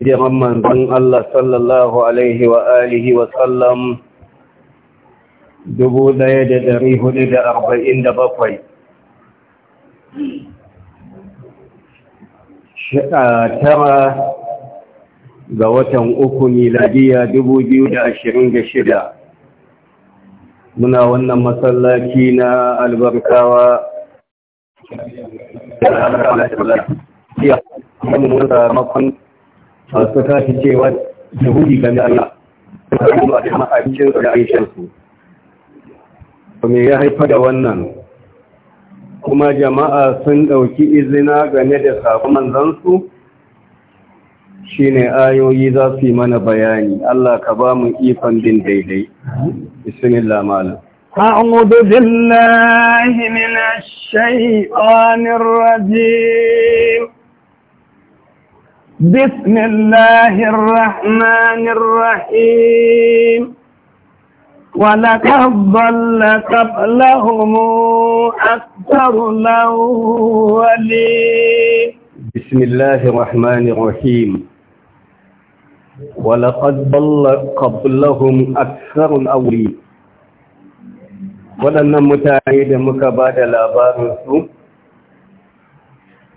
hijiran manzon Allah sallallahu alaihi wa alihi wa sallam dubu ɗaya da dari hudu da arba'in da bakwai shida tara ga watan uku miladiya dubu biyu da ashirin da shida muna wannan masallaci na albarkawa da albarkawa da albarkawa masu tashi cewa yahudi game Allah suna zuwa da ma'abincin da aishansu me ya haifa da wannan kuma jama'a sun ɗauki izina game da sabon manzansu shine ayoyi za su yi mana bayani Allah ka ba mu ikon bin daidai bismillah malam أعوذ بالله من الشيطان الرجيم بسم الله الرحمن الرحيم ولقد ضل قبلهم أكثر الأولين بسم الله الرحمن الرحيم ولقد ضل قبلهم أكثر الأولين waɗannan mutane da muka ba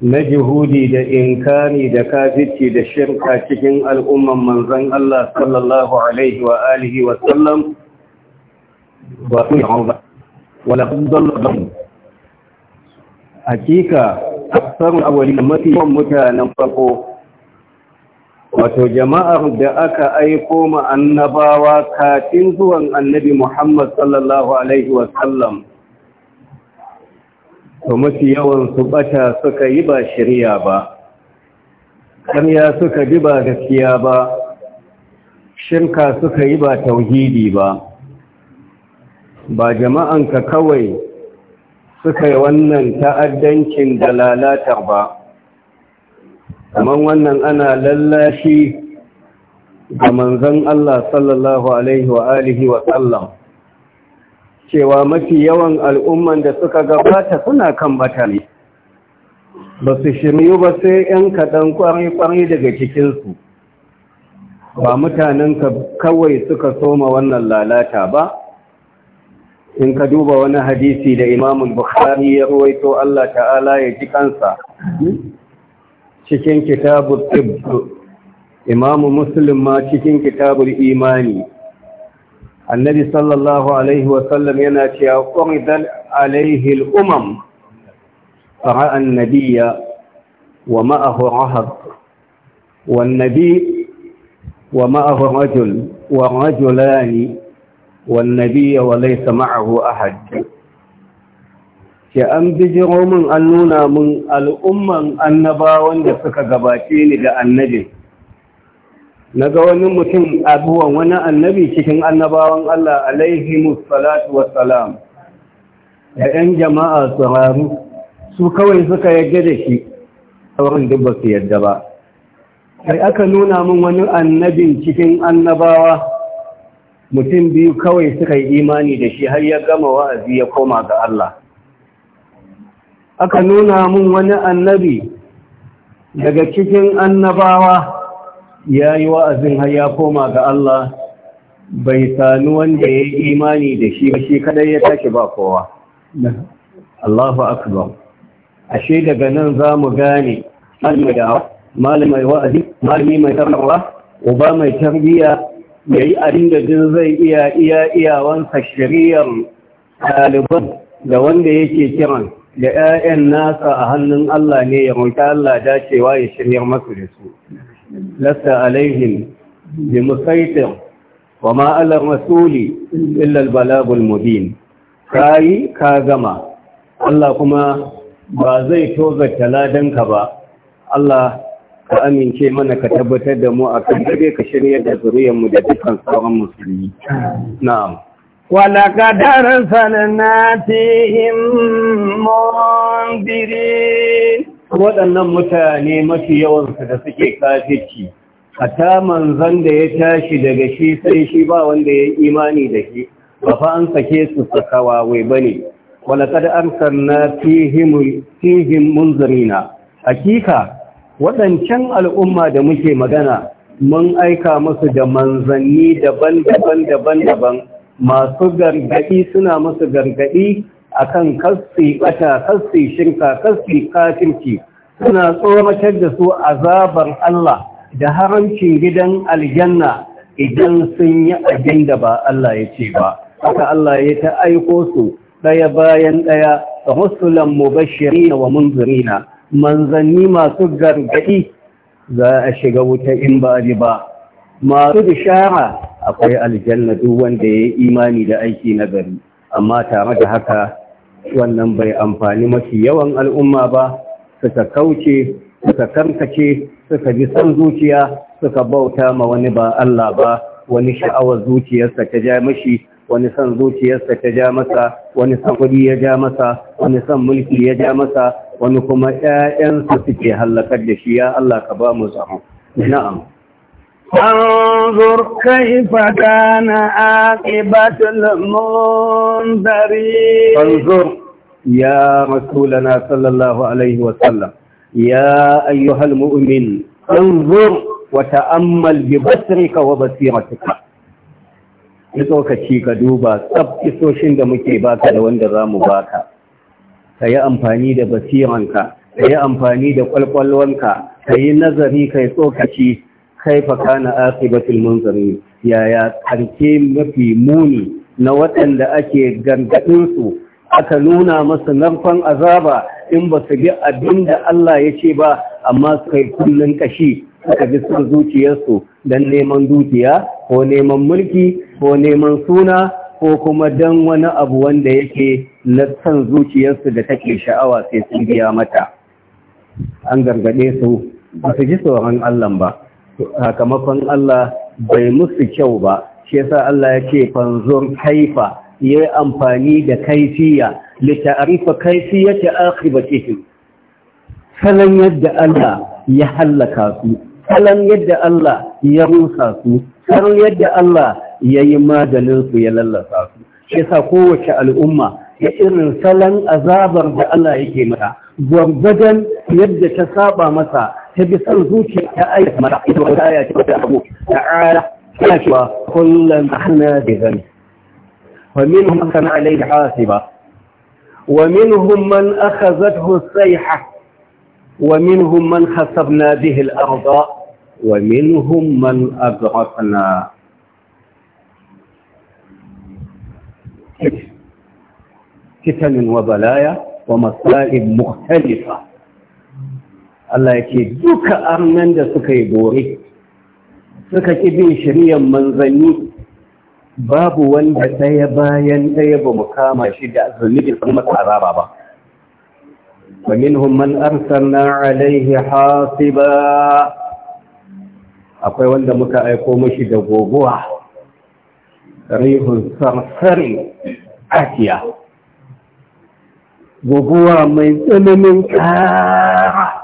na jihudi da inkani da kafirci da shirka cikin al'umman manzan Allah sallallahu Alaihi wa alihi wa sallam ba su yi hauza walakun dallon hakika tsarin awali mafi yawan mutanen farko wato jama'ar da aka aiko ma annabawa kafin zuwan annabi Muhammad sallallahu Alaihi wa sallam to mafi yawan su bata suka yi ba shirya ba ƙarya suka bi ba gaskiya ba shirka suka yi ba tauhidi ba ba jama'anka kawai suka yi wannan ta'addancin da lalata ba kamar wannan ana lallashi ga manzon Allah sallallahu alaihi wa alihi wa sallam cewa mafi yawan al'umman da suka gabata suna kan bata ba su shiryu ba sai ‘yan kaɗan kwarai-kwarai daga cikinsu ba mutanen kawai suka soma wannan lalata ba in ka duba wani hadisi da imamun bukhari ya ruwaito Allah ta'ala ya ji kansa cikin kitabu imamu muslim ma cikin kitabu imani annabi sallallahu alaihi wasallam yana cewa quridan alaihi al-umam fara annabiyya wa ma'ahu rahab wan nabi wa ma'ahu rajul wa rajulani wan nabiyya wa laysa a ahad ke an bijiro min an nuna min al'umman annaba wanda suka gabace ni da annabin na ga wani mutum abuwan wani annabi cikin annabawan Allah alaihi musallatu wassalam da ‘yan jama'a tsararru su kawai suka yadda da shi sauran duk ba su yadda ba sai aka nuna min wani annabin cikin annabawa mutum biyu kawai suka yi imani da shi har ya gama wa'azi ya koma ga Allah aka nuna min wani annabi daga cikin annabawa ya yi wa'azin har ya koma ga Allah bai sami wanda ya yi imani da shi ba shi kadai ya tashi ba kowa Allahu akbar ashe daga nan za mu gane malami da malamai wa'azi malami mai tarawa, uba mai tarbiya ya yi abin da duk zai iya iya iyawansa shari'ar ɗaliban da wanda yake kiran da 'ya'yan nasa a hannun Allah ne ya roƙi Allah dacewa ya shiryar masu da su lasta alaihim bi musaitir wa ma ala rasuli illa albalagul mubin kai ka gama Allah kuma ba zai toza ka ba Allah ka amince mana ka tabbatar da mu akan dare ka shirya da zuriyar mu da dukkan sauran musulmi na'am ولقد أرسلنا فيهم منذرين waɗannan mutane mafi yawansu da suke kafici a ta manzan da ya tashi daga shi sai shi ba wanda ya imani da shi ba fa an sake su sakawawai ba ne kada an sanna fihim munzirina hakika waɗancan al'umma da muke magana mun aika musu da manzanni daban-daban daban-daban masu gargaɗi suna masu gargaɗi akan kasti bata kasti shirka kasti kafirci suna tsoratar da su azabar Allah da haramcin gidan aljanna idan sun yi abin da ba Allah ya ce ba haka Allah ya ta aiko su ɗaya bayan ɗaya da musulan mubashirina wa munzirina manzanni masu gargadi za a shiga wuta in ba ji ba masu bishara akwai aljanna duk wanda ya yi imani da aiki na gari amma tare da haka wannan bai amfani mafi yawan al'umma ba suka kauce suka karkace suka ji son zuciya suka bauta ma wani ba Allah ba wani sha'awar zuciyarsa ta ja mashi wani son zuciyarsa ta ja masa wani son kuɗi ya ja masa wani son mulki ya ja masa wani kuma 'ya'yansa suke hallakar da shi ya Allah ka ba mu zama. na'am فانظر كيف كان عاقبة المنذرين ya يا رسولنا صلى الله عليه وسلم يا أيها المؤمن انظر وتأمل ببصرك وبصيرتك iso ka ci ka duba tsab isoshin da muke baka da wanda za mu baka ka yi amfani da basiranka ka yi amfani da kwalkwalwanka ka yi nazari ka tsokaci kaifa kana akibatul munzari yaya karke mafi muni na waɗanda ake gargaɗin su aka nuna masa narkon azaba in ba su bi abin da Allah ya ce ba amma kai kullun kashi suka bi son zuciyarsu don neman dukiya ko neman mulki ko neman suna ko kuma don wani abu wanda yake na son zuciyarsu da take sha'awa sai sun biya mata an gargaɗe su ba su ji tsoron Allah ba sakamakon Allah bai musu kyau ba shi yasa Allah yake haifa kaifa yayi amfani da kaifiya kaifiya ta kaifiyati aqibatihim Salon yadda Allah ya halaka su Salon yadda Allah ya rusa su Salon yadda Allah yayi maganin su ya lallasa su shi yasa kowace al'umma da irin salon azabar da Allah yake mata gwargwadon yadda ta saba masa تبي صار زوجي آية مراحل وآية وتعبوك تعالى كاشوا كل احنا بذنب ومنهم من كان عليه حاسبة ومنهم من أخذته الصيحة ومنهم من خسفنا به الأرض ومنهم من أغرقنا فتن وبلايا ومصائب مختلفة Allah ya duka arnan da suka yi gore suka ƙi bin shiryan manzanni babu wanda ɗaya bayan ɗaya ba mu kama shi da zunubin sun masa azaba ba wa minhum man arsalna alaihi hasiba akwai wanda muka aiko mashi da goguwa rihun sarsari atiya goguwa mai tsananin ƙara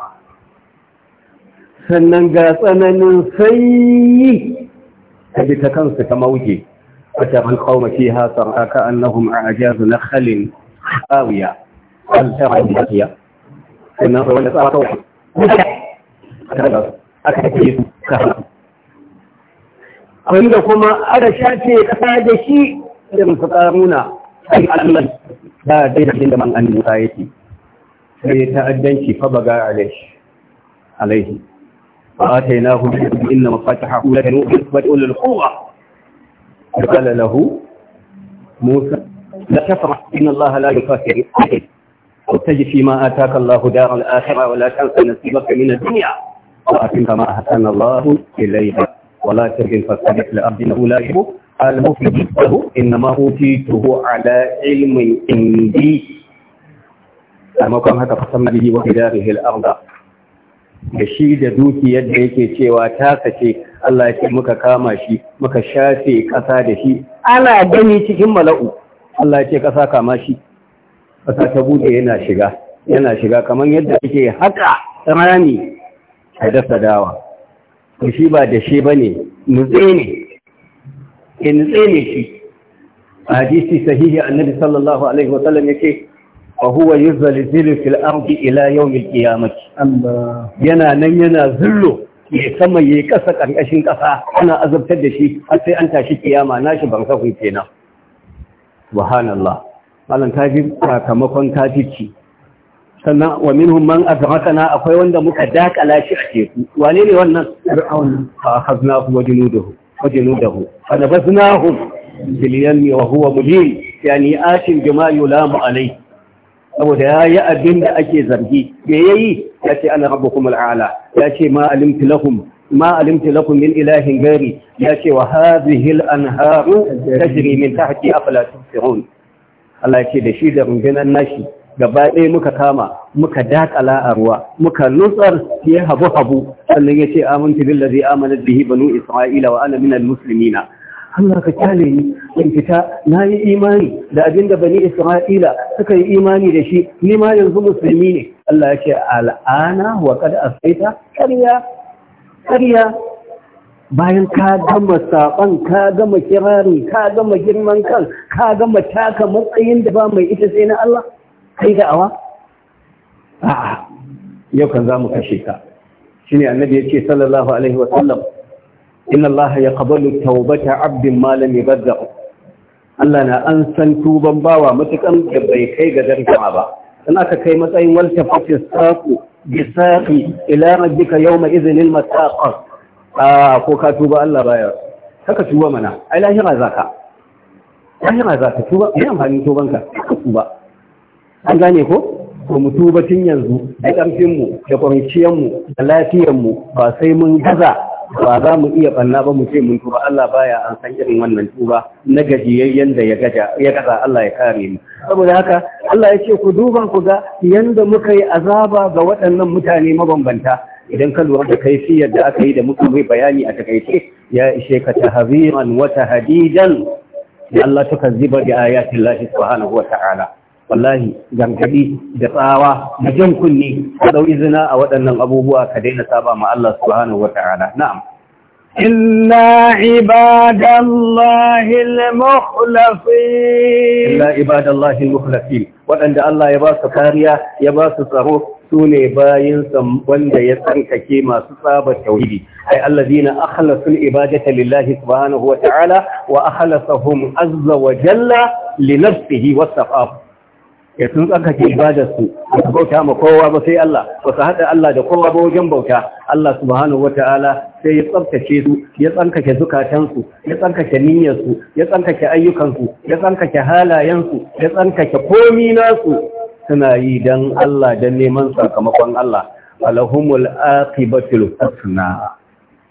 sannan ga tsananin sanyi ta bi ta kansu ta mauke فترى القوم فيها ترى كأنهم أعجاز نخل خاوية هل ترى البقية إن ولا ترى روح أكثر كهرب abin da kuma aka shafe kasa da shi irin su karuna sai al'amman ba dai da inda man annin sa yake sai ta'addanci fa baga alaihi alaihi وآتيناه إن مفاتحه لتنوء بالإثبات أولي القوة فقال له موسى لا تفرح إن الله لا يكافر أحد واتج فيما آتاك الله دار الآخرة ولا تنسى نصيبك من الدنيا وأتم كما أحسن الله إليها ولا تهن فاستبق لأرض إنه لا يحب المفلس له إنما أوتيته على علم عندي أما كان هكذا قسمنا به وبداره الأرض da shi da duki yadda yake cewa ta sace Allah ya ce muka kama shi muka shafe ƙasa da shi ana gani cikin mala'u Allah ya ce ƙasa kama shi ƙasa ta bude yana shiga yana shiga kamar yadda yake haka rami a dasa dawa shi ba da shi bane nutse ne ke eh, nutse ne shi a hadisi sahihi annabi sallallahu alaihi wasallam yake wa huwa yuzalzilu fil ardi ila yawmil qiyamah yana nan yana zullo ya sama ya kasa ƙarƙashin ƙasa ana azabtar da shi har sai an tashi kiyama shi ban kafin kenan subhanallah malam kafi sakamakon kafici sannan wa minhum man kana akwai wanda muka dakala shi a teku wane ne wannan fir'aun fa akhadnahu wa junuduhu wa junuduhu fa nabaznahum bil ne wa huwa mulim yani atin bima yulamu alayhi saboda ya yi abin da ake zargi me ya yi ya ce ana rabu kuma al'ala ya ce ma alimti ma lakum min ilahin gari ya ce wa hadhihi al-anharu tajri min tahti afala tusirun Allah ce da shi da rundunar nashi gaba ɗaya muka kama muka dakala a ruwa muka nutsar ya habu habu sannan ya ce amintu billazi amana bihi banu isra'ila wa ana minal muslimina Allah ka kyale ni in fita na yi imani da abin da bani Isra'ila suka yi imani da shi ni ma yanzu musulmi ne Allah ya ce al'ana wa kad asaita ƙarya ƙarya bayan ka gama saban ka gama kirari ka gama girman kan ka gama taka matsayin da ba mai ita sai na Allah kai da awa a'a yau kan za kashe ka shine annabi ya sallallahu alaihi wa sallam inna Allah ya qabalu taubata abdin malam ya gazza'u Allah na an san tuban bawa matukan da bai kai ga zargama ba in aka kai matsayin walta fatis saku bisaqi ila rabbika yawma idhnil masaqa a ko ka tuba Allah baya haka tuba mana ai lahira zaka lahira zaka tuba me amfani tubanka ka tuba an gane ko ko mu tuba tun yanzu da karfin mu da kwanciyar mu da lafiyar mu ba sai mun gaza ba za mu iya banna ba mu ce mun tuba Allah baya an san irin wannan tuba na gajiyayyen da ya gaja ya gaza Allah ya kare mu saboda haka Allah ya ce ku duba ku ga yanda muka yi azaba ga waɗannan mutane mabambanta idan ka lura da kaifiyar da aka yi da muka mai bayani a takaice ya ishe ka tahziran wa tahdidan da Allah tukazziba bi ayati Allah subhanahu wa ta'ala wallahi gargadi da tsawa da jan kunne ka dau izina a waɗannan abubuwa ka daina saba ma Allah subhanahu wata'ala na'am إلا عباد الله المخلصين إلا عباد الله المخلصين وأن الله يباس كاريا يباس صاروخ su ne bayinsa wanda ya tsarkake masu tsaba tauhidi ai allazina akhlasul ibadata lillahi subhanahu wa ta'ala wa akhlasahum azza wa jalla li nafsihi wasafahu ya sun tsarkake ibadarsu ba su bauta ma kowa ba sai Allah ba su haɗa Allah da kowa ba wajen bauta Allah subhanahu wata'ala sai ya tsarkake su ya tsarkake zukatansu ya tsarkake niyyarsu ya tsarkake ayyukansu ya tsarkake halayensu ya tsarkake komi nasu suna yi dan Allah dan neman sakamakon Allah alahumul aqibatul husna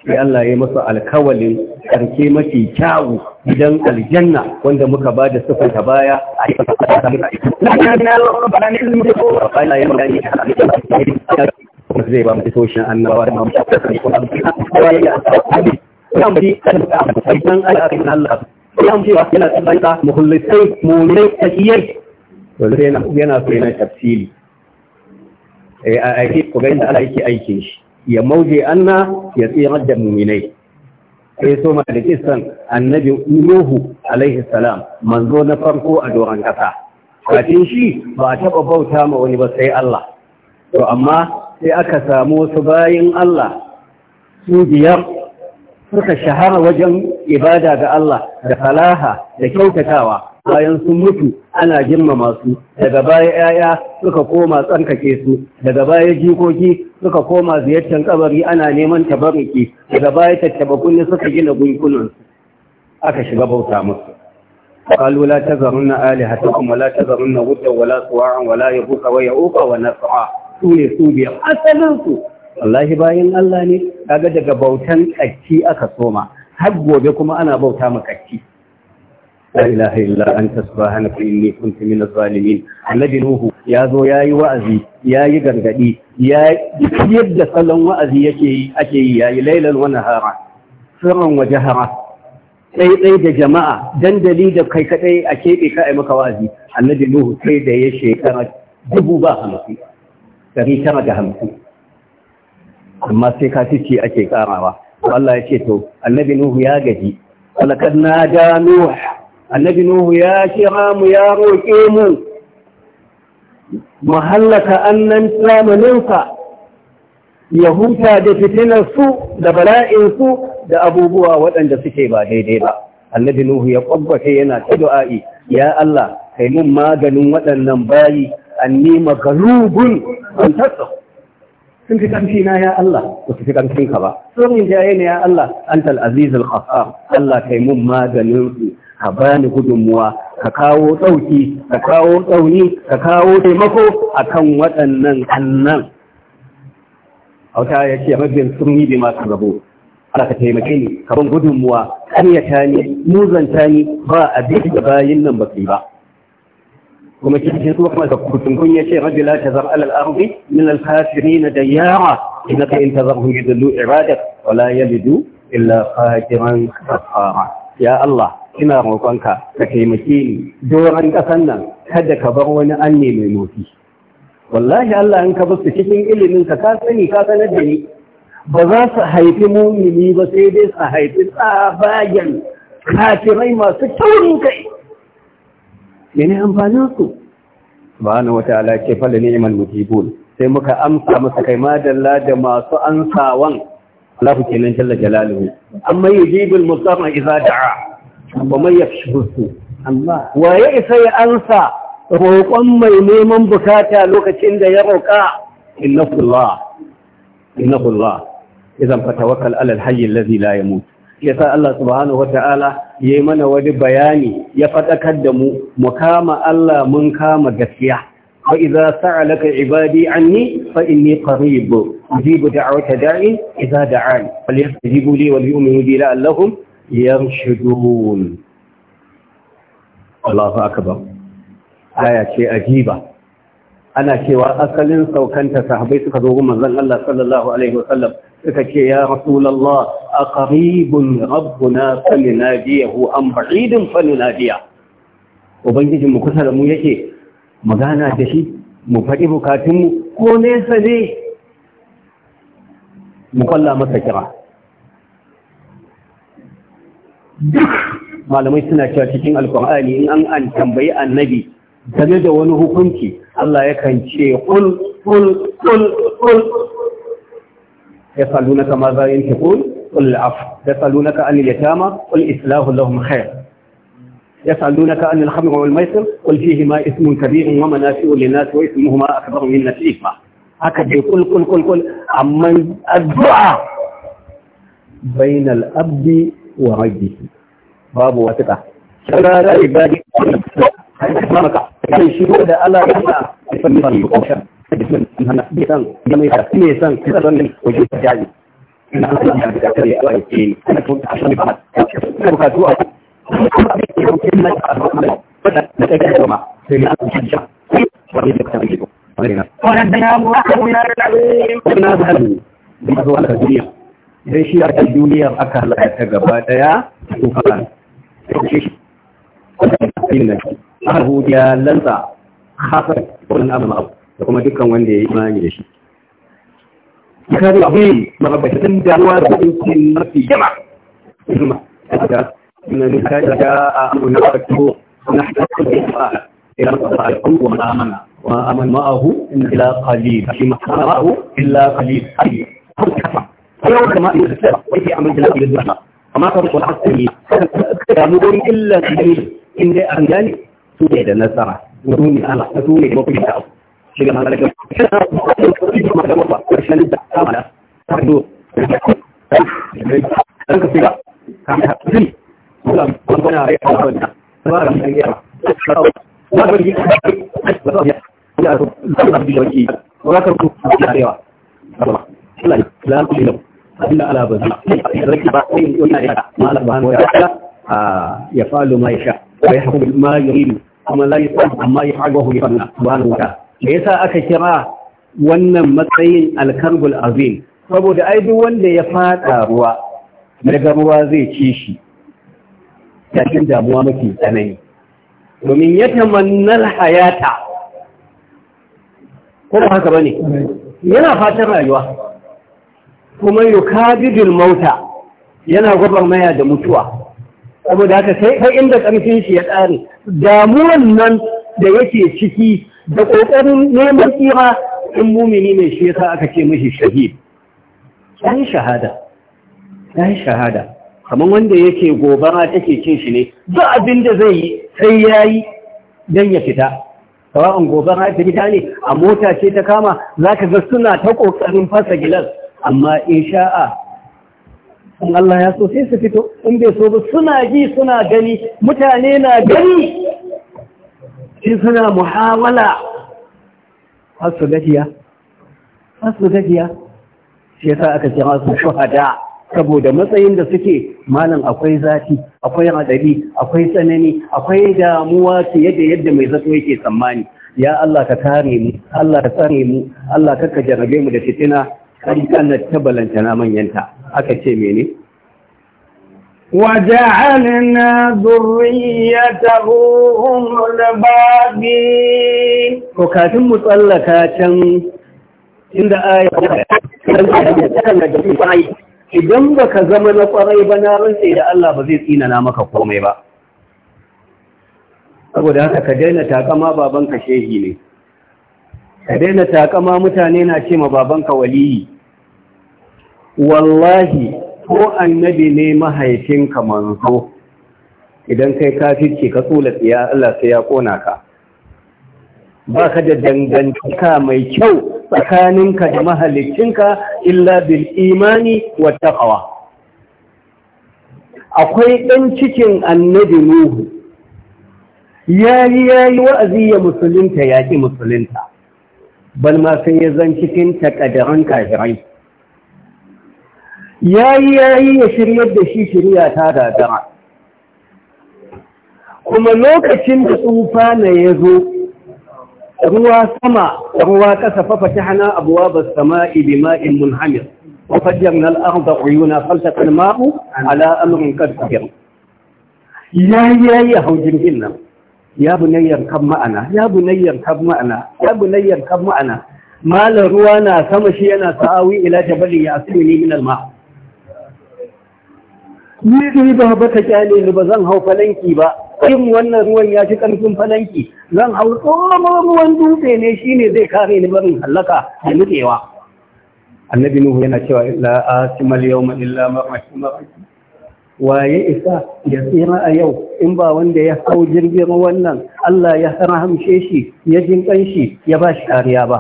sai Allah ya masa alkawalin karke mafi kyawu gidan aljanna wanda muka ba da sufan ta baya a zai ba mutu toshin annabawa da mamu yana so yana tafsili eh, a aiki ku ganin da ala yake aikin shi ya mauje anna ya tsirar da muminai sai so ma da kisan annabi nuhu alaihi salam manzo na farko a doron kasa kafin shi ba a taba bauta ma wani ba sai Allah to amma sai aka samu wasu bayin Allah su biyar suka shahara wajen ibada ga Allah da falaha da kyautatawa bayan sun mutu ana girmama su daga baya 'ya'ya suka koma ke su daga baya jikoki suka koma ziyartar kabari ana neman tabarruki daga baya tattaba kunne suka gina gunkunan aka shiga bauta musu قالوا لا تذرن آلهتكم ولا تذرن ودا ولا سواعا ولا يغوث ويعوق ونسعا سوني سوبيا أسألنكم wallahi bayan Allah ne kaga daga bautan kacci aka soma har gobe kuma ana bauta ma لا إله إلا أنت سبحانك إني كنت من الظالمين النبي نوح يا ذو يا وأزي يا يغرغدي يا يد صلون وأزي يكي أكي يا ليلا ونهارا سرا وجهرا sai tsaye da jama'a dandali da kai kadai a keɓe ka a maka wa'azi annabi nuhu sai da ya shekara dubu ba hamsin dari tara da hamsin amma sai ka ake karawa Allah ya ce to annabi nuhu ya gaji na nada nuhu annabi nuhu ya kira mu ya roƙe mu mu hallaka annan zamaninsa ya huta da su, da bala'insu da abubuwa waɗanda suke ba daidai ba annabi nuhu ya kwabbace yana ta du'a'i ya Allah kai mun maganin waɗannan bayi annima galubun an tasa sun fi ƙarfi na ya Allah ba su fi ƙarfin ka ba sun jaye ne ya Allah antal aziz al Allah kai mun maganin su ka ni gudunmuwa ka kawo ɗauki ka kawo tsauni ka kawo taimako akan waɗannan annan auta ya ce sun yi bi masu Allah ka taimake ni ka ban gudunmuwa ƙaryata ni muzanta ni ba abin da bayin nan ba su ba kuma cikin su kuma kutunkun ya ce rabbi la tazar alal ardi min al kafirin dayara innaka in tazarhum yudillu iradak wala ya yalidu illa fajiran kafara ya Allah ina roƙonka ka taimake ni doron ƙasan nan kada ka bar wani anne mai motsi wallahi Allah in ka basu cikin ilimin ka ka sani ka sanar da ni ba za su haifi mumini ba sai dai su haifi tsabagen kafirai masu taurin kai mene amfanin su subhanahu wataala ce fala ni'mal mujibun sai muka amsa masa kai madalla da masu ansawan Allah kenan jalla jalaluhu amma yujibul mustafa idza da'a wa man yakshuhu Allah wa ya isa ya ansa roƙon mai neman bukata lokacin da ya roƙa innahu Allah innahu Allah idan fatawakkal ala al alladhi la yamut ya sa Allah subhanahu wata'ala ya yi mana wani bayani ya faɗakar da mu mu kama Allah mun kama gaskiya fa idza sa'alaka ibadi anni fa inni qarib ujibu da'wata da'i idza da'an falyastajibu li wal yu'minu bi la'allahum yarshudun Allahu akbar aya ce ajiba ana cewa asalin saukanta sahabbai suka zo ga manzon Allah sallallahu alaihi wasallam suka ce ya rasulallah a ƙaribin rabbuna falinadiyahu an ba'idin falinadiya ubangijin mu kusa da mu yake magana da shi mu faɗi bukatunmu ko nesa ne mu kwalla masa kira duk malamai suna cewa cikin alkur'ani in an an tambayi annabi game da wani hukunci Allah yakan ce kul kul kul kul yasalunaka ma za yanfiqun qul al'af yasalunaka anil yatama qul islahu lahum khair يسألونك عن الخمر والميسر قل فيهما اسم كبير ومنافع للناس واسمهما أكبر من نفعهما هكذا قل قل قل قل عمن الدعاء بين الأب وربه باب واتقى شرار عبادي حيث مرقع كان شهود ألا يسأل jikin hana bai san ya mai hada ne san kusa zan ne wajen jaji ina an san da kare ya wai a san a kuma da da shi ba da da da duniya aka halatta gaba daya to fara shi ne har ya lanta khasar wannan abu da kuma dukkan wanda ya yi imani da shi kare abin mahabbatan damuwa da kudin cin mafi jama jama da na nika da ta a abu na farko na haɗa da ya إلى القرآن وآمن وآمن معه إلا قليل في معه إلا قليل أي كفى فلو كما يسلم وفي عمل جلال إلى الدرجة وما فرق العسل كامور إلا قليل إن أنجاني سوء إلى النسرة ودوني أنا أتوني وقلت shiga malaka karshen da kamala ta ya an ka shiga kan ha zuri wala kun kana a wannan ya ya ko da bi wani da ba rake ba da ya ya me yasa aka kira wannan matsayin alkarbul azim saboda ai duk wanda ya fada ruwa daga ruwa zai ci shi cikin damuwa mafi tsanani domin ya tamanna hayata ko ba haka bane yana fatan rayuwa kuma yukabidul mauta yana maya da mutuwa saboda haka sai inda ƙarfin shi ya tsare damuwan nan da yake ciki da ƙoƙarin neman tsira in mumini mai shi yasa aka ce mashi shahid yi shahada yi shahada kamar wanda yake gobara take cin shi ne a abin da zai yi sai yayi dan ya fita sawa'an gobara ta gida ne a mota ce ta kama Za ka ga suna ta ƙoƙarin fasa gilas amma in sha'a in Allah ya so sai su fito in bai so ba suna ji suna gani mutane na gani shi suna muhawala har su gajiya har gajiya shi yasa aka ce su shuhada saboda matsayin da suke malam akwai zafi akwai hadari akwai tsanani akwai damuwa ta yadda yadda mai zato yake tsammani ya Allah ka kare mu Allah ka tsare mu Allah ka ka jarabe mu da fitina kan kan ta balanta manyanta aka ce mene وجعلنا ذريته هم الباقين وكاتم مطلقا كان عند آية idan baka zama na kwarai ba na rantsa da Allah ba zai tsina na maka komai ba saboda haka ka daina takama babanka shehi ne ka daina takama mutane na ce ma babanka waliyi wallahi ko annabi ne mahaifinka manzo idan kai kafirci ka tsula tsiya Allah sai ya kona ka ba ka da dangantaka mai kyau tsakaninka da ka illa bil imani wa taqwa akwai ɗan cikin annabi Nuhu ya yi ya yi wa'azi ya musulunta ya ƙi musulunta bal ma sai ya zan cikin takadarin kafirai ya yi ya yi ya shiryar da shi shirya ta dadara kuma lokacin da tsufa na ya zo ruwa sama ruwa ƙasa, fafa ta hana abuwa ba sama ibi ma'in mun hamir mafajiyar na al'arun da ƙuyu na falta kalmaru ala al'urin karfiyar ya yi ya yi hau jirgin nan ya bu nan yankan ma'ana ya bu nan yankan ma'ana ya bu nan yankan ma'ana malar ruwa na sama shi yana sa'awi ila jabali ya asimi ni min maa ni dai ba baka kyale ni ba zan hau falanki ba in wannan ruwan ya ci karfin falanki zan hau tsoron ruwan dutse ne shine zai kare ni barin halaka da nutsewa annabi nuhu yana cewa illa asimal yawma illa ma rahima waye isa ya tsira a yau in ba wanda ya hau jirgin wannan Allah ya rahamshe shi ya jin kanshi ya ba shi kariya ba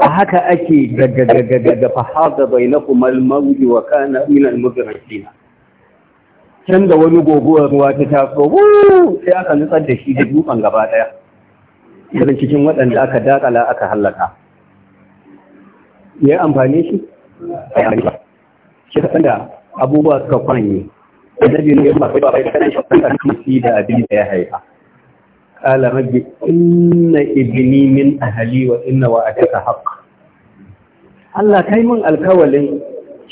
a haka ake daga daga daga fahada bainakum al-mawji wa kana min al-mudrakin can da wani goguwar ruwa ta taso sai aka nutsar da shi da dukan gaba ɗaya daga cikin waɗanda aka dakala aka hallaka ya amfani shi a yi ba shi ka da abubuwa suka kwanye annabi ne ya ba ba bai kana shi kan shi da abin da ya haifa qala rabbi inna ibni min ahli wa inna wa'adaka haqq Allah kai mun alkawalin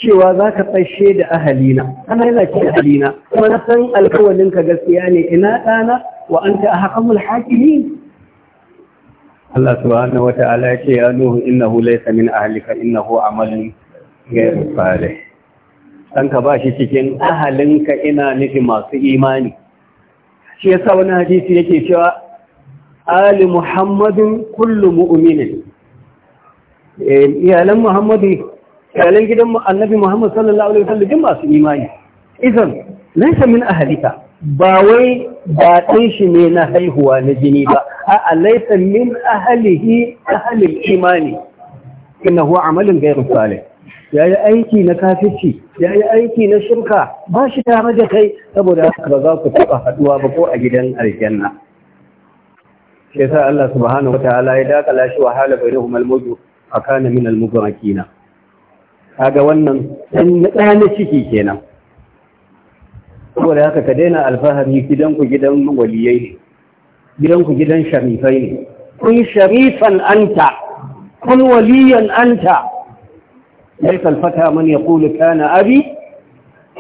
cewa za ka tsashe da ahalina ana yana ce ahalina kuma na san alkawalinka gaskiya ne ina ɗana wa an ta haƙamul haƙini. Allah subhanahu wa ta'ala ya ce ya nuhu innahu laysa min ahlika innahu amalun ghayru fare. Ɗan ka ba shi cikin ahalinka ina nufi masu imani shi ya sa wani hadisi yake cewa ali muhammadin kullu mu'minin eh, iyalan muhammadu iyalan gidan annabi Muhammad sallallahu alaihi wasallam jin masu imani Izan laysa min ahlika ba wai ba shi ne na haihuwa na jini ba a laysa min ahlihi ahlil imani innahu amalun ghayru ya yayi aiki na ya yayi aiki na shirka ba shi tare da kai saboda haka ba za ku taɓa haɗuwa ba ko a gidan aljanna sai sa Allah subhanahu wataala ya dakala shi wahala bainahum al a akana min al-mughraqina kaga wannan dan na na ciki kenan saboda haka ka daina alfahari gidanku gidan waliyai ne gidanku gidan sharifai ne kun sharifan anta kun waliyan anta ليس الفتى من يقول Kana abi?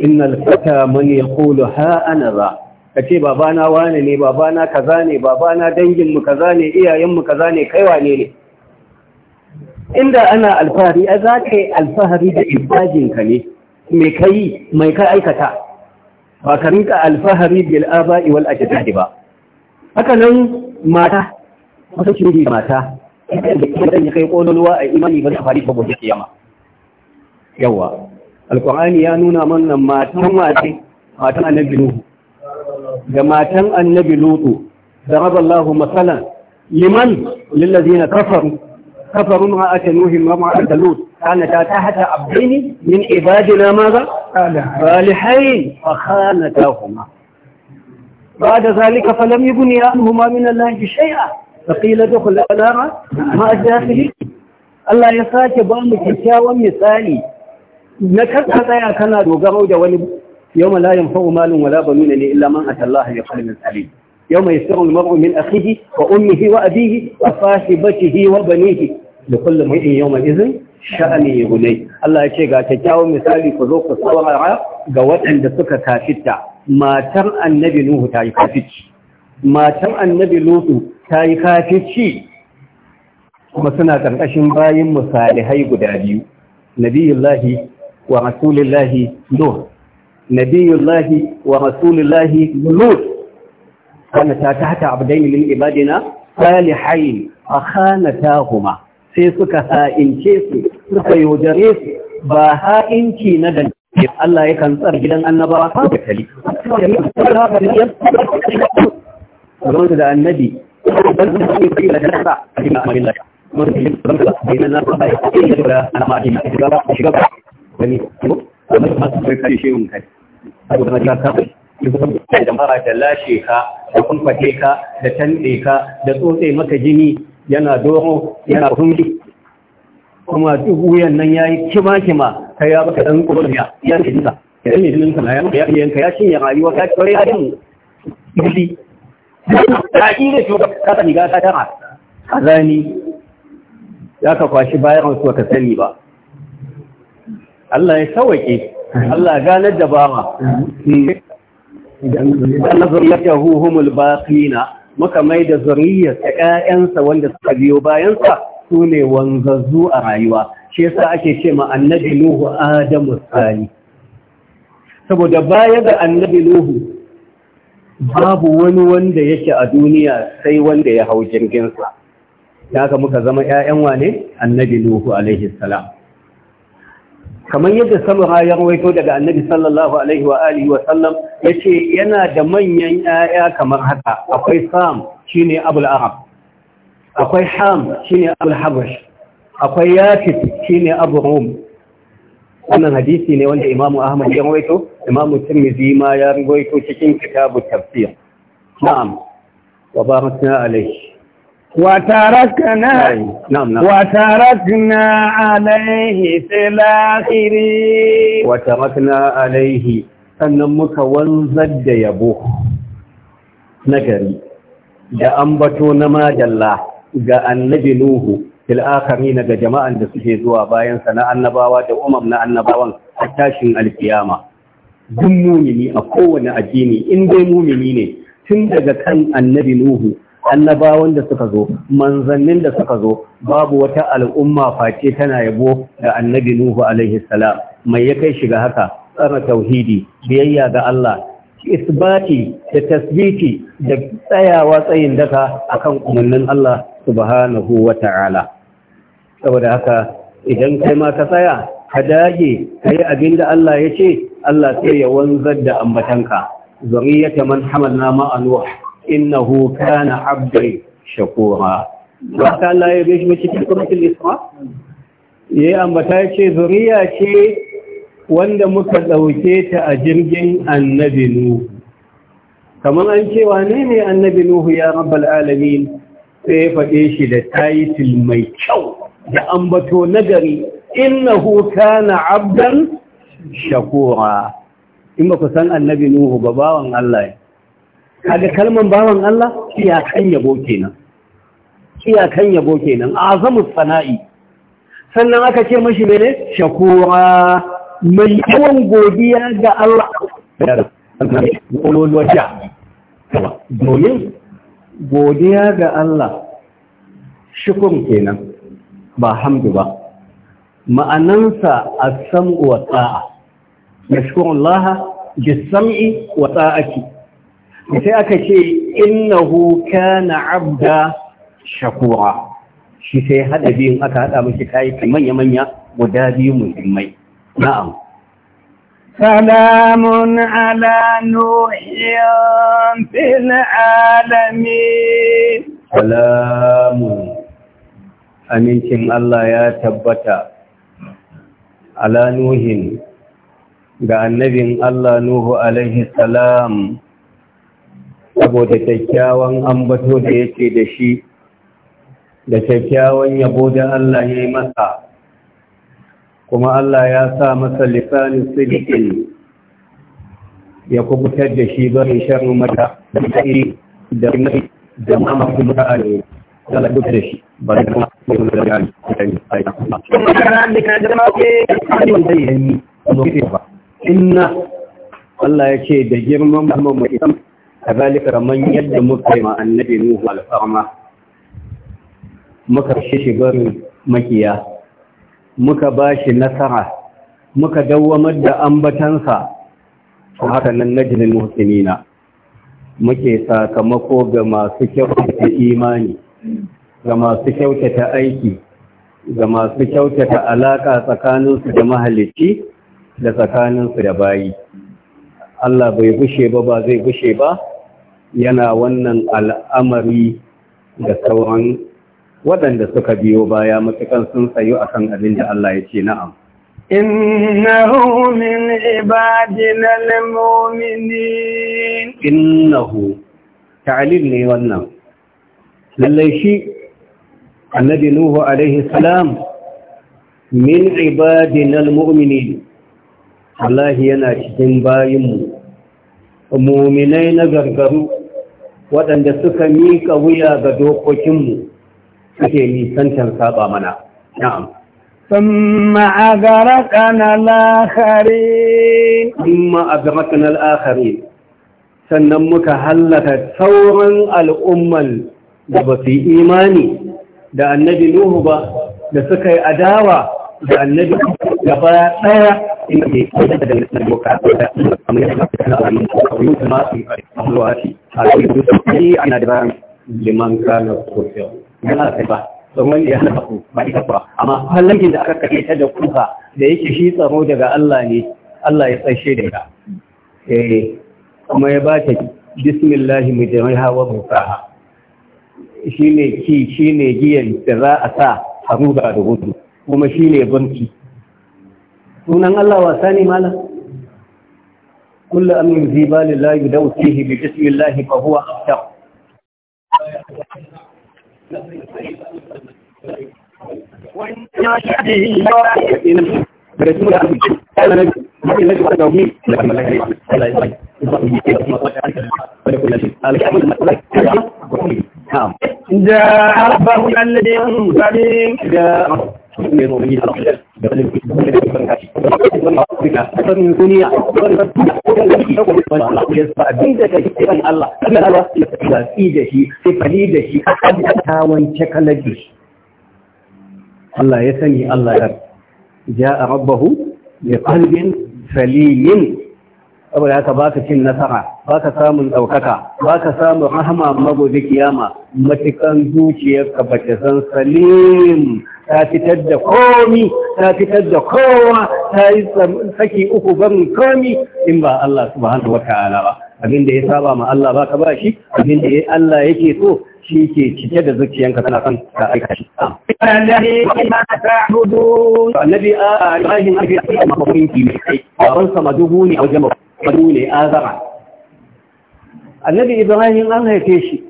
إن alfata man يقول ha ana ba kace babana wane ne babana kaza ne babana danginmu kaza ne iyayenmu kaza ne kai wane ne inda ana alfahari a za ka yi alfahari da ibajinka ne mai ka yi mai ka aikata ba ka rinka alfahari bil aba'i wal ajdadi ba haka nan mata wata shiri mata da ke zan kai kololuwa a imani ba za fari saboda kiyama yawa alqur'ani ya nuna mana matan wace matan annabi nuhu da matan annabi lutu da raballahu masalan liman lillazina kafaru كفروا امرأة نوح وامرأة لوط كانتا تحت عبدين من عبادنا ماذا؟ صالحين فخانتاهما بعد ذلك فلم يبني عنهما من الله شيئا فقيل دخل النار ما الداخل Allah ya sake ba mu kyakkyawan misali na karka tsaya kana dogaro da wani yau malayin fa'umalin wala banuna ne illa man يوم يسر abihi من أخيه وأمه وأبيه وصاحبته وبنيه لكل امرئ izin sha'ani yugune Allah ya ce ga kyakkyawan misali ku zo ku saurara ga waɗanda suka kafita matar annabi Nuhu ta yi kafici matar annabi Lutu ta yi kafici kuma suna ƙarƙashin bayin misalihai guda biyu nabiyullahi wa rasulillahi Nuh nabiyullahi wa ta tahta abdaini min ibadina salihain akhanatahuma sai suka ha'ince su suka yodare su ba na dan Allah ya kan tsar gidan annabawa ta kali Zaman da annabi, wanda ya fi da nasa a cikin amalin da mara da lashe ka da kumfate ka da tanɗe ka da tsotse maka jini yana doro yana hungi kuma duk wuyan nan ya yi kima-kima ka ya baka ɗan ƙurumiya ya ce jinsa ya ɗan jinin ka ya ya yanka ya cinye rayuwa ka kore ya jin gudi ta ƙi da shi ka sani ga ta tara a zani ya ka kwashi bayan wasu ka sani ba Allah ya sawake Allah ganar da bawa dan zurriyatahu humul baqina muka mai da zuriyar ta ƴaƴansa wanda suka biyo bayansa su ne wanzazzu a rayuwa shi yasa ake ce ma annabi nuhu adamu sani saboda baya ga annabi nuhu babu wani wanda yake a duniya sai wanda ya hau jirginsa sa haka muka zama ƴaƴan wane annabi nuhu alaihi salam kamar yadda samura ya rawaito daga annabi sallallahu alaihi wa alihi wa sallam yace yana da manyan ƴaƴa kamar haka akwai sam shine abul arab akwai ham shine abul habash akwai yafit shine abu rum wannan hadisi ne wanda imamu ahmad ya rawaito imamu tirmidhi ma ya rawaito cikin kitabu tafsir na'am wa barakna alaihi وتركنا نعم نعم وتركنا عليه في الآخرين وتركنا عليه sannan muka wanzar da yabo Nagari. gari da ambato na majalla ga annabi nuhu fil akhirin ga jama'an da suke zuwa bayan sana annabawa da umar na annabawan a tashin alkiyama duk mumini a kowane addini in dai mumini ne tun daga kan annabi nuhu annabawan da suka zo manzannin da suka zo babu wata al'umma face tana yabo da annabi nuhu alaihi salam mai ya kai shiga haka tsara tauhidi biyayya ga Allah isbati da tasbiti da tsayawa tsayin daka akan umarnin Allah subhanahu wa ta'ala saboda haka idan kai ma ka tsaya ka dage ka yi abin da Allah ya ce Allah sai ya wanzar da ambatanka zuriyata man hamalna a nuh innahu kana abdi shakura ba Allah ya gaishe mace cikin suratul isra yayi ambata ce zuriya ce wanda muka dauke ta a jirgin annabi nuhu kamar an ce wane ne annabi nuhu ya rabbal alamin sai faɗe shi da title mai kyau da ambato nagari innahu kana abdan shakura in ba ku san annabi nuhu ba bawan Allah kaga kalman bawan Allah iyakan yabo kenan iyakan yabo kenan azamu sana'i sannan aka ce mashi mene shakura mai yawan godiya ga Allah domin godiya ga Allah shukun kenan ba hamdu ba ma'anansa a sam'u wa ya shukun laha sami wa ta'aki sai aka ce innahu kana abda shakura shi sai hada biyun aka hada mashi kayi manya-manya guda biyu muhimmai na'am Salamun على نوح في alami. Salamun amincin Allah ya tabbata ala nuhin ga annabin Allah Nuhu alaihi salam saboda kyakkyawan ambato da yake da shi da kyakkyawan yabo da Allah ya yi masa kuma Allah ya sa masa lisanin silikin ya kubutar da shi barin shan mata da da mai da mama kuma da ne da lagu da shi ba da kuma da gani da ai kuma da da ma da Allah ya ce da girman mu mu كذلك من يد مكرم النبي نوح الفرما muka shi barin makiya muka ba shi nasara muka dawwamar da ambatansa to haka nan najinin muhsinina muke sakamako ga masu kyautata imani ga masu kyautata aiki ga masu kyautata alaƙa tsakaninsu da mahalicci da tsakaninsu da bayi Allah bai bushe ba ba zai bushe ba yana wannan al'amari da sauran waɗanda suka biyo baya matukan sun a kan abin da Allah ya ce na'am Inna min ibadin al-mu'minin hu, ta'alil ne wannan lallai shi annabi nuhu alaihi salam min ibadin al-mu'minin Allah yana cikin bayinmu mu'minai na gargaru waɗanda suka miƙa wuya ga dokokinmu suke nisantar saba mana na'am ثم أغرقنا الآخرين ثم أغرقنا الآخرين sannan muka hallaka sauran al'umman da ba su imani da annabi Nuhu ba da suka yi adawa da annabi gaba daya inda ke kwanta da na boka da kamar yadda ka kana amin ko kuma su amlowa shi a cikin dukkan ana da ran liman kana kofiyo yana sai ba tsoron ya hana ku ba ita ba amma halakin da aka kashe ta da kuka da yake shi tsaro daga Allah ne Allah ya tsashe da ita eh kuma ya ba ta bismillah mujamaiha wa musaha shine ki shine giyan da za a sa haruba da gudu kuma shi ne banki sunan Allah wasa ne mala? kullu amin zibali la yudawtihi bi bismillah fa huwa aftar جاء ربه الذي كريم جاء ne Allah ya sani Allah ya a rabbahu salimin saboda haka baka cin nasara baka samun ɗaukaka baka samun rahama magobi kiyama matukan zuciyarka ba ta san salim ta fitar da komi ta fitar da kowa ta yi saki uku barin komi in ba Allah subhanahu wata'ala ba abin da ya saba ma Allah baka ba shi abin da Allah yake so shi ke cike da zuciyanka tana son ka aika shi annabi a Ibrahim a fi a mafakin kimi babansa maduhu ne a wajen banu ne azara annabi ibrahim an haife shi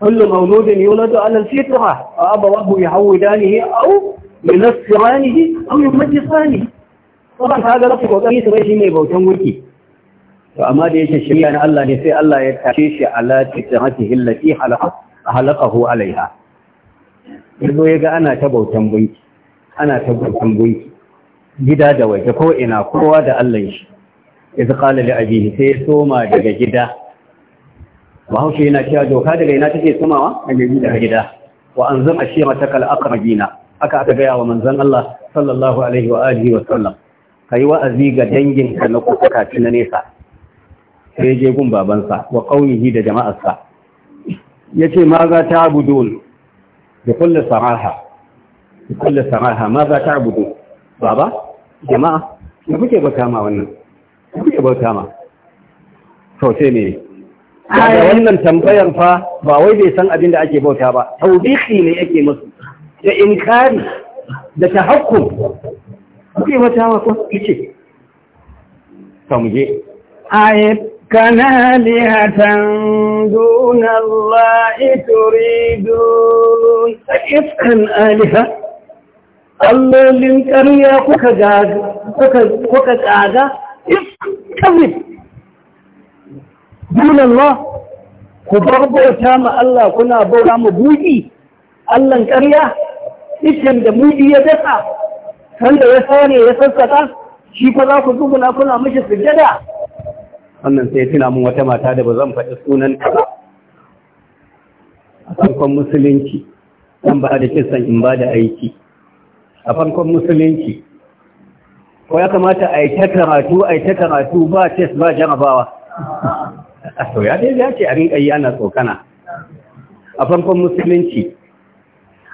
kullu mauludin yuladu ala alfitra wa abawahu yahawidanihi au yunassiranihi aw yumajjisanihi wannan ta ga rafi kokari su shi mai bautan wuki to amma da yake shirya na Allah ne sai Allah ya tashe shi a titratihi allati halaqa halaqahu alaiha yanzu ya ga ana ta bautan gunki ana ta bautan gunki gida da waje ko ina kowa da Allah shi iz qala li abihi sai soma daga gida bahaushe yana cewa doka daga ina take somawa daga gida wa anzam ashiratakal aqrabina aka aka gaya wa manzon Allah sallallahu alaihi wa alihi wa sallam kai wa'azi ga dangin ka na kuka kafin na nesa sai je gun babansa wa qaumihi da jama'arsa yace ma za ta abudun bi kulli saraha bi kulli saraha ma za ta abudun baba jama'a da kuke bata ma wannan ku bauta ma to sai ne daga wannan tambayar fa ba wai bai san abin da ake bauta ba tawbihi ne yake musu da inkari da hakku ku ya bauta ma ko kice to mu je ayat Allah دون الله تريدون iskan آلهة allolin ƙarya kuka tsada kazib dun Allah ku bar bauta ma Allah kuna bauta ma buɗi Allahn ƙarya ikin da buɗi ya dasa sanda ya sare ya sassaka shi fa za ku tsuguna kuna mishi sujjada wannan sai tuna mun wata mata da ba zan faɗi sunan ta ba a farkon musulunci dan ba da kisan in ba da aiki a farkon musulunci ko ya kamata a yi ta karatu a yi ta karatu ba test ba jarabawa a soya dai ya ce a rinka yi ana tsokana a farkon musulunci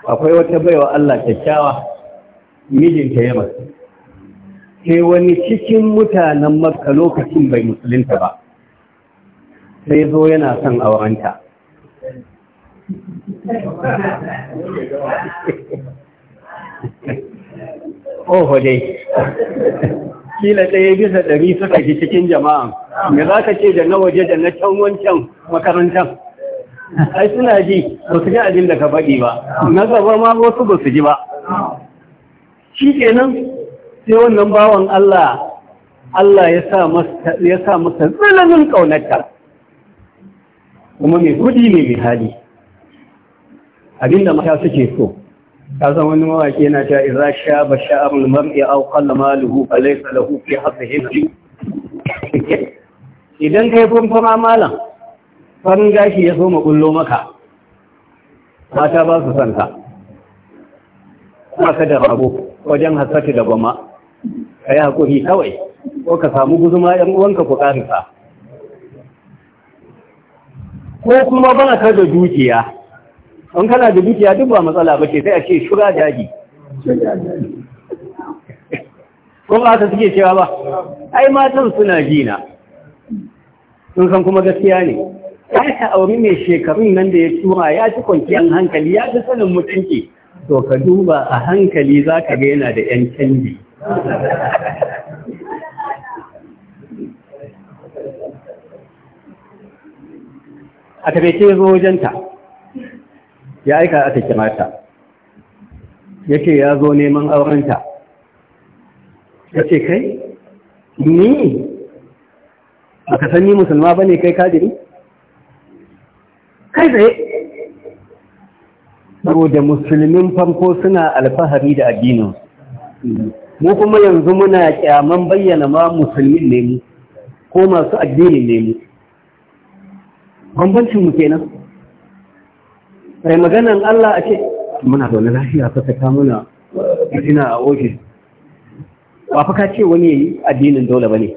akwai wata baiwa Allah kyakkyawa mijinta ya masu sai wani cikin mutanen makka lokacin bai musulunta ba sai zo yana son aurenta Thank you. oho dai kila ɗaya bisa ɗari suka ji cikin jama'a me za ka ce da na waje da na can wancan makarantar ai suna ji ba su ji abin da ka faɗi ba na gaba ma wasu ba su ji ba shi kenan sai wannan bawan Allah Allah ya sa masa tsananin ƙaunarta kuma mai kudi ne mai hali abinda mata suke so ka san wani mawaki yana ta iza sha ba sha'arul mar'i aw qalla maluhu a laysa lahu fi hadhihi idan kai fama malam farin gashi ya so makullo maka mata ba su san ka maka da rabo wajen hasati da goma yi haƙuri kawai ko ka samu guzuma yan uwanka ku ƙarisa? ko kuma ba ka da dukiya an kana da dukiya duk ba matsala ba ce sai a ce shura daji ko ba ka suke cewa ba ai matan suna jina sun san kuma gaskiya ne ya auri mai shekarun nan da ya tura ya ci kwanciyar hankali ya fi sanin mutunci to ka duba a hankali za ka ga yana da 'yan canji a tabbacin zo wajenta ya aika aka kira ta yake ya zo neman aurenta ya ce kai ni aka san ni musulma ba ne kai kadiri kai ko saboda musulmin farko suna alfahari da addinin mu kuma yanzu muna kyaman bayyana ma musulmin ne mu ko masu addinin ne mu bambancin mu kenan sai maganan Allah a ce muna wani lafiya ka saka muna eh, fitina a ofis ba fa ka ce wani yayi addinin dole bane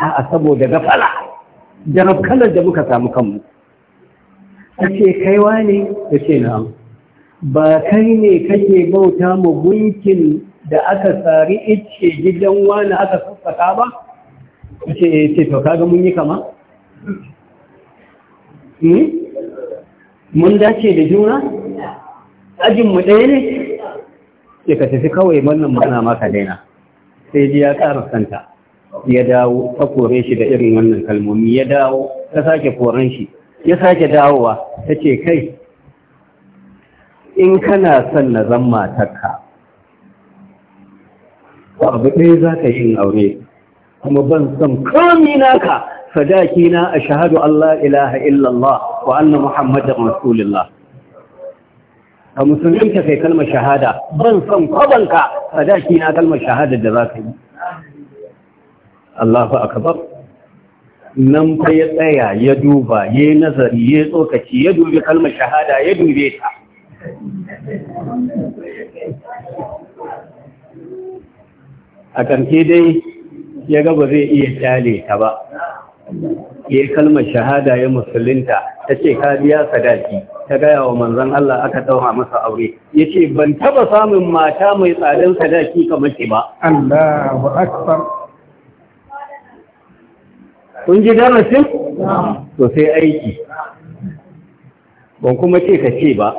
a'a saboda gafala rabkalar da muka samu kanmu A ce kaiwa ne ce na ba kai ne kake bauta mu gunkin da aka sari ice gidan wani aka sassaka ba? ce eh, ce to kaga mun yi kama? Hmm? mun dace da juna ajinmu ɗaya ne ya ka tafi kawai wannan mana maka daina sai ji ya ƙara santa ya dawo ta kore shi da irin wannan kalmomi ya dawo ta sake koren shi ya sake dawowa ta ce kai in kana son na zan matarka abu ɗaya za ka yi aure kuma ban son komi naka sadaki na a shahadu Allah ilaha illallah wa Muhammad da rasulullah ka musulmin ka kai kalmar shahada ban san kwabanka sadaki na kalmar shahada da za ka yi Allahu akbar nan fa ya tsaya ya duba ya nazari ya tsokaci ya dubi kalmar shahada ya dube ta a ƙarfe dai ya gaba zai iya kyale ta ba ya kalmar shahada ya musulunta ta ce ka biya sadaki ta gaya wa manzon Allah aka ɗaura masa aure ya ce ban taba samun mata mai tsadan sadaki kamar ke ba Allahu akbar kun ji darasin to sai aiki ban kuma ce ka ce ba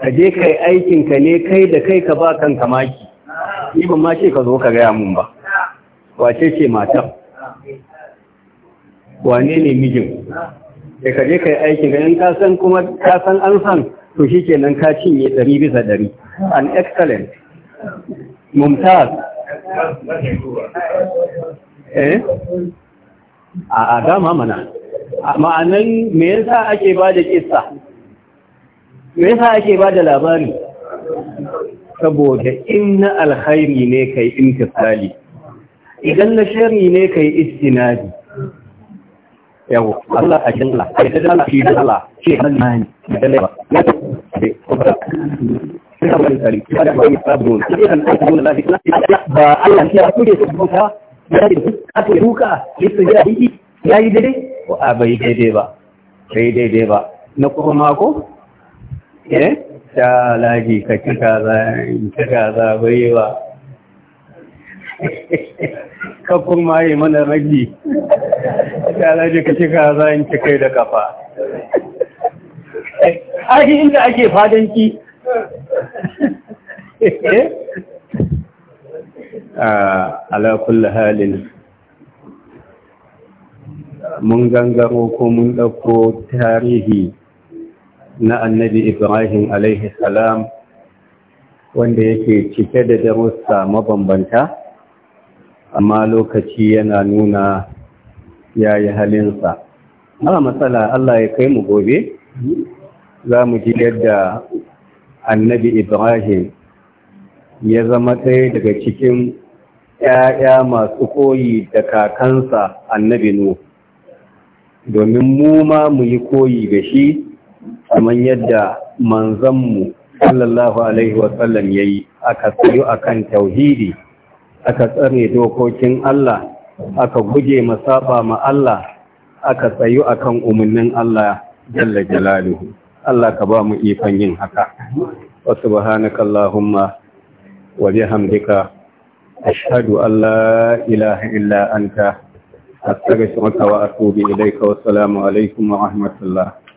ka je kai aikin ka ne kai da kai ka ba kanka maki ni ban ma ce ka zo ka gaya mun ba wace ce matan? wane ne mijin da ka kai aiki yi aikin in kasan kuma kasan an san to shi ka cinye ɗari bisa ɗari an excellent mumtaz eh a dama mana ma'anan me yasa ake ba da kissa me yasa ake ba da labari saboda in na alkhairi ne kai intisali idan na shari ne kai istinadi yawo Allah a cikin Allah kai da Allah shi da Allah shi nan nan da Allah ya ta ce sai kuma bari kali ba da wani sabo sai kan ta na Allah ba Allah ya kuje su buka ya yi ka ta buka yake ya yi ya yi daidai, ko a bai dai ba sai dai dai ba na kuma mako eh ta laji ka kika za in kika za bai ba kakkun maye mana ragi ta alaji ka cika zayin kai da kafa ake inda ake fadanki eh? ala halin mun gangaro ko mun ɗauko tarihi na annabi ibrahim alaihi salam wanda yake cike da darussa mabambanta amma lokaci yana nuna ya yi halinsa ana matsala Allah ya kai mu gobe za mu ji yadda annabi ibrahim ya zama ɗaya daga cikin ‘ya'ya masu koyi da kakansa annabi nu domin mu ma mu yi koyi ga shi kamar yadda manzanmu sallallahu alaihi wasallam ya yi aka tsayo akan tauhidi aka tsare dokokin Allah aka guje masaba ma Allah aka tsayu akan umarnin Allah jalla jalaluhu Allah ka ba mu ikon yin haka wa subhanaka allahumma wa bihamdika ashhadu an la ilaha illa anta astaghfiruka wa atubu ilayka wa assalamu alaikum wa rahmatullah